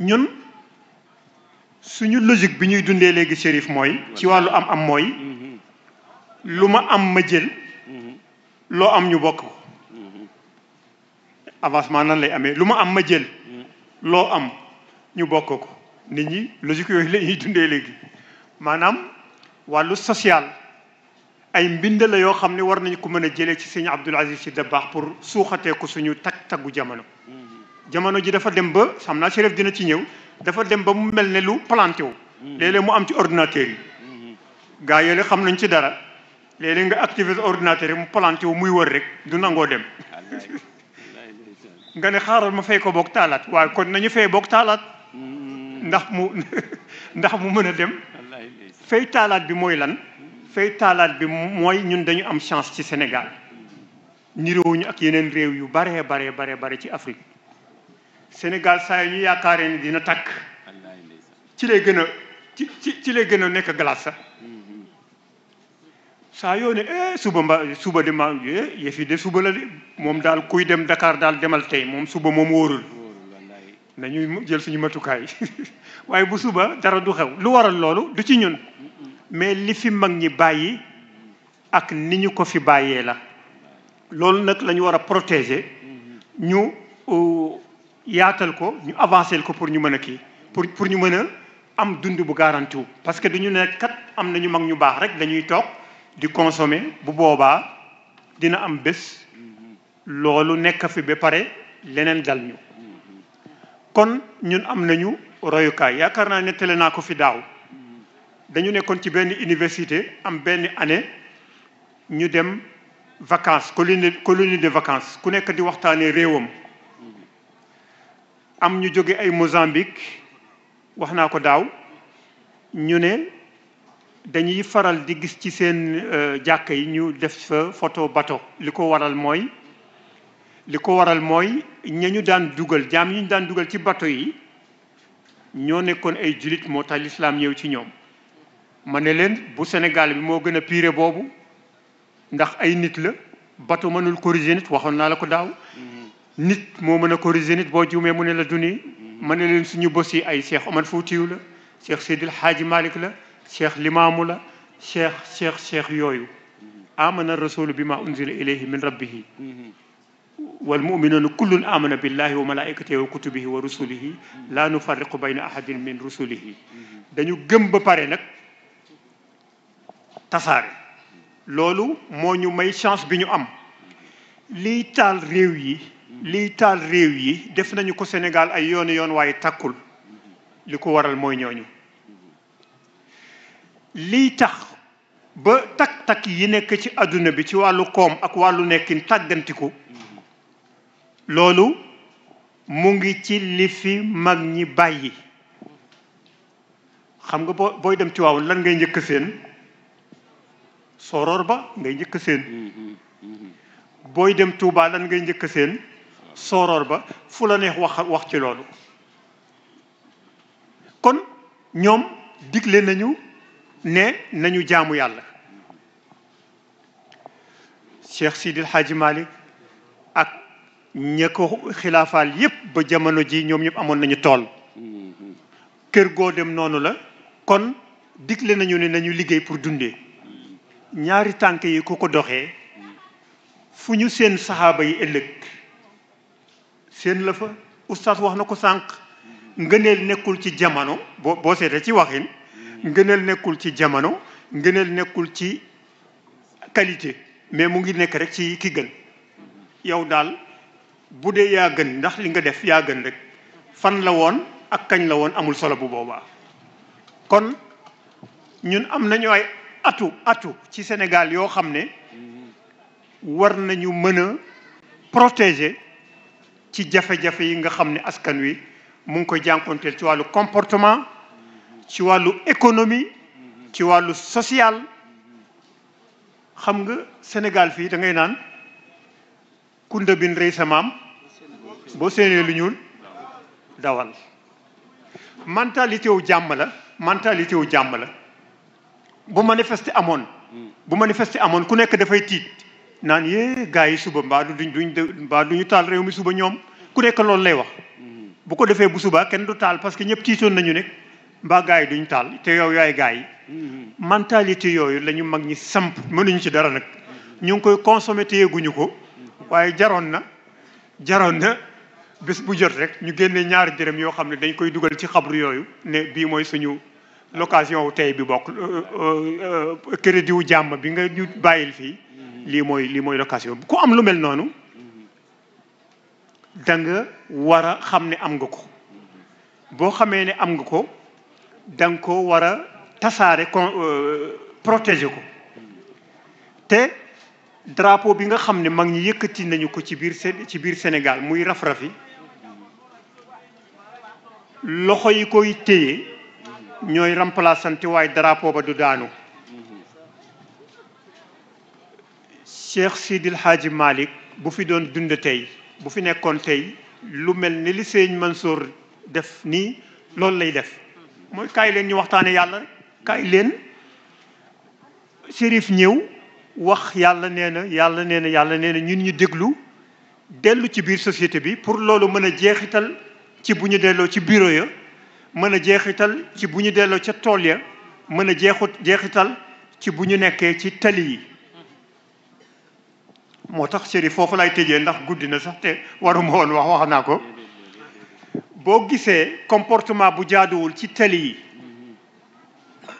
ñun suñu logique bi ñuy dundee léegi shérif mooy ci wàllu am am mooy lu ma am ma loo am ñu bokk ko avancement lay amee lu ma am ma jël loo am ñu bokk ko nit ñi logique yooyu la ñuy dundee léegi maanaam wàllu social ay mbind yoo xam ne war nañ ko mën a jëlee ci sëñ Abdoul Aziz Sy Dabakh pour suuxatee ko suñu tag taggu jamono jamono ji dafa dem ba xam naa Chérif dina ci ñëw dafa dem ba mu mel ne lu planté wu. Mm-hmm. léeg mu am ci ordinateur yi. Mm-hmm. gaa yooyu xam nañ ci dara léeg nga activé ordinateur yi mu planté wu muy wër rek du nangoo dem. nga ne xaaral ma fay ko book taalaat waaye kon nañu fay boog taalaat. Mm-hmm. ndax mu ndax mu mën a dem. fay taalaat bi mooy lan. fay taalaat bi mooy ñun dañu am chance ci Sénégal. niroowuñu ak yeneen réew yu baree baree baree bare ci Afrique. Sénégal saa yu ñu yaakaaree ni dina takk ci lay gën a ci ci lay gën a nekk glace sax saa yoo ne eh suba mba suba de ma eh, yëf de suba la de moom daal kuy dem Dakar daal demal tey moom suba moom wóorul nañuy jël suñu matukaay waaye bu suba dara du xew lu waral loolu du ci ñun mais li fi mag ñi bàyyi ak ni ñu ko fi bàyyee la loolu nag lañu ñu war a protéger ñu. Euh, yaatal ko ñu avancé ko pour ñu mën a kii pour pour ñu mën a am dund bu garantiw parce que du ñu ne am na ñu mag ñu baax rek dañuy toog di consommer bu boobaa dina am bés loolu nekk fi ba pare leneen dal ñu kon ñun am nañu royukaay yaakaar naa ne tele naa ko fi daaw dañu nekkoon ci benn université am benn année ñu dem vacances colonie colonie de vacance ku nekk di waxtaanee réewam am ñu jóge ay Mozambique wax naa ko daaw ñu ne dañuy faral di gis ci seen euh, jàkk yi ñu def fa photo bato li ko waral mooy li ko waral mooy ña ñu daan dugal jaam yi ñu daan dugal ci bato yi ñoo nekkoon ay julit moo tax lislaam ñëw ci ñoom ma ne leen bu senegal bi moo gën a piire boobu ndax ay nit la bato mënul corriger nit waxoon naa la ko daaw nit moo mën a corriger nit boo jumee mu ne la duni mm-hmm. ma ne suñu bos yi ay Cheikh Omar Foutiou la sedd Seydil Hadji Malick la Cheikh Limaamu la Cheikh Cheikh Cheikh yooyu mm-hmm. amana rasulu bi ma unzila ilayhi min rabbihi mm-hmm. wal muminuuna kullun amana billahi wa malaikatihi wa kutubihi wa rusulihi la nufarriqu bayna ahadin min rusulihi dañu gëm ba pare nag tasaare loolu moo ñu may chance bi ñu am liy taal réew yi liy taal réew yi def nañu ko senegaal ay yoonu yoon waaye takkul li ko waral mooy ñooñu liy tax ba takk-takk yi nekk ci àdduna bi ci wàllu koom ak wàllu nekkin tàggantiku loolu mu ngi ci li fi mag ñi bàyyi xam nga boo booy dem ci waaw lan ngay njëkk seen soroor ba ngay njëkk seen mm-hmm, mm-hmm. booy dem Touba lan ngay njëkk seen sooroor ba fu la neex wax wax ci loolu kon ñoom digle nañu ne nañu jaamu yàlla Cheikh Sidil Hadji Malick ak ña ko xilaafaal yépp ba jamono ji ñoom ñëpp amoon nañu tool kër goo dem noonu la kon digle nañu ne nañu liggéey pour dundee ñaari tànk yi ku ko doxee fu ñu seen saxaaba yi ëllëg seen la fa wax na ko sànq ngëneel nekkul ci jamono boo boo seetee ci waxin ngëneel nekkul ci jamono ngëneel nekkul ci qualité mais mu ngi nekk rek ci ki gën yow daal bu dee yaa gën ndax li nga def yaa gën rek fan la woon ak kañ la woon amul solo bu boobaa kon ñun am nañu ay atu atu ci Sénégal yoo xam ne war nañu mën a protéger ci jafe-jafe yi nga xam ne askan wi mu ngi koy jànkonteel ci wàllu comportement ci wàllu économie ci wàllu social xam nga Sénégal fii da ngay naan kunda bin rey sa maam boo séenee lu ñuul dawal mentalité wu jàmm la mentalité wu jàmm la bu manifester amoon bu manifester amoon ku nekk dafay tiit naan yee gars yi suba mbaa du duñ mbaa du ñu taal réew mi suba ñoom ku nekk loolu lay wax. Mm-hmm. bu ko defee bu subaa kenn du taal parce que ñëpp tiitoon nañu ne mbaa gars yi duñ taal te yow yaay gars yi. Mm-hmm. mentalité yooyu lañu mag ñi samp mënuñu ci dara nag. Mm-hmm. ñu ngi koy consommé te yeeguñu ko. waaye jaroon na jaroon na bés bu jot rek ñu génne ñaari dërëm yoo xam ne dañ koy dugal ci xabru yooyu ne bii mooy suñu. locasion wu tey bi bokk euh, euh, euh, crédit wu jàmm bi nga ñu bàyyil fii lii mooy lii mooy location ku am lu mel noonu da nga war a xam ne am nga ko boo xamee ne am nga ko danga ko war a tasaare con euh, protéger ko te drapeau bi nga xam ne mag ñi yëkkati nañu ko ci biir ci biir Sénégal muy raf loxo yi koy téye ñooy remplaçante waaye drapeau ba du daanu. Cheikh Sidil Hadji Malick bu fi doon dund tey bu fi nekkoon tey lu mel ni li sëñ Mansour def nii loolu lay def mooy kaay leen ñu waxtaane yàlla kaay leen shérif ñëw wax yàlla nee na yàlla nee na yàlla nee na ñun ñu déglu dellu ci biir société bi pour loolu mën a jeexital ci bu ñu delloo ci bureau ya mën a jeexital ci bu ñu delloo ca tool ya mën a jeexut jeexital ci bu ñu nekkee ci tali yi moo tax Chérif foofu lay tëjee ndax guddi na sax te waruma woon wax wax naa ko boo gisee comportement bu jaaduwul ci tali yi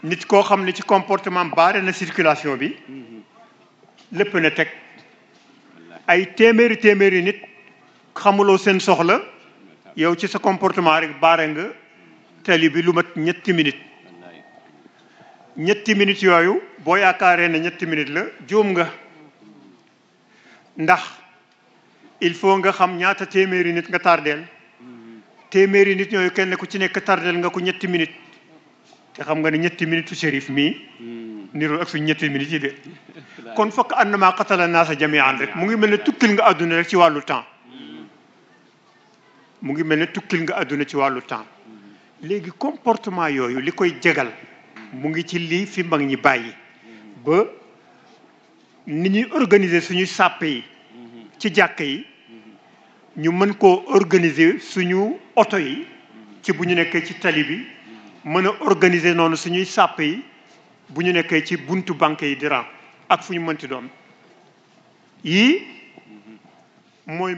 nit koo xam ne ci comportement baare na circulation bi lépp na teg ay téeméeri téeméeri nit xamuloo seen soxla yow ci sa comportement rek baare nga tali bi lu mat ñetti minutes ñetti minutes yooyu boo yaakaaree ne ñetti minutes la juum nga. ndax il faut nga xam ñaata téeméeri nit nga tardeel téeméeri nit ñooyu kenn ku ci nekk tardeel nga ko ñetti minute te xam nga ne ñetti minute shérif mii hmm. nirul ak suñ ñetti minute yi de kon fokk ànd maa xatala naa sa jami'an rek mu ngi mel ne tukkil nga adduna ci wàllu temps hmm. mu ngi mel ne tukkil nga àdduna ci wàllu temps hmm. léegi comportement yooyu li koy jegal mu ngi ci li fi mag ñi bàyyi ba ni ñuy organiser suñu sàppe yi ci jàkk yi ñu mën koo organiser suñu oto yi ci bu ñu nekkee ci tali bi mën a organiser noonu suñuy sàpp yi bu ñu nekkee ci buntu banque yi di ram ak fu ñu mënti doon yii mooy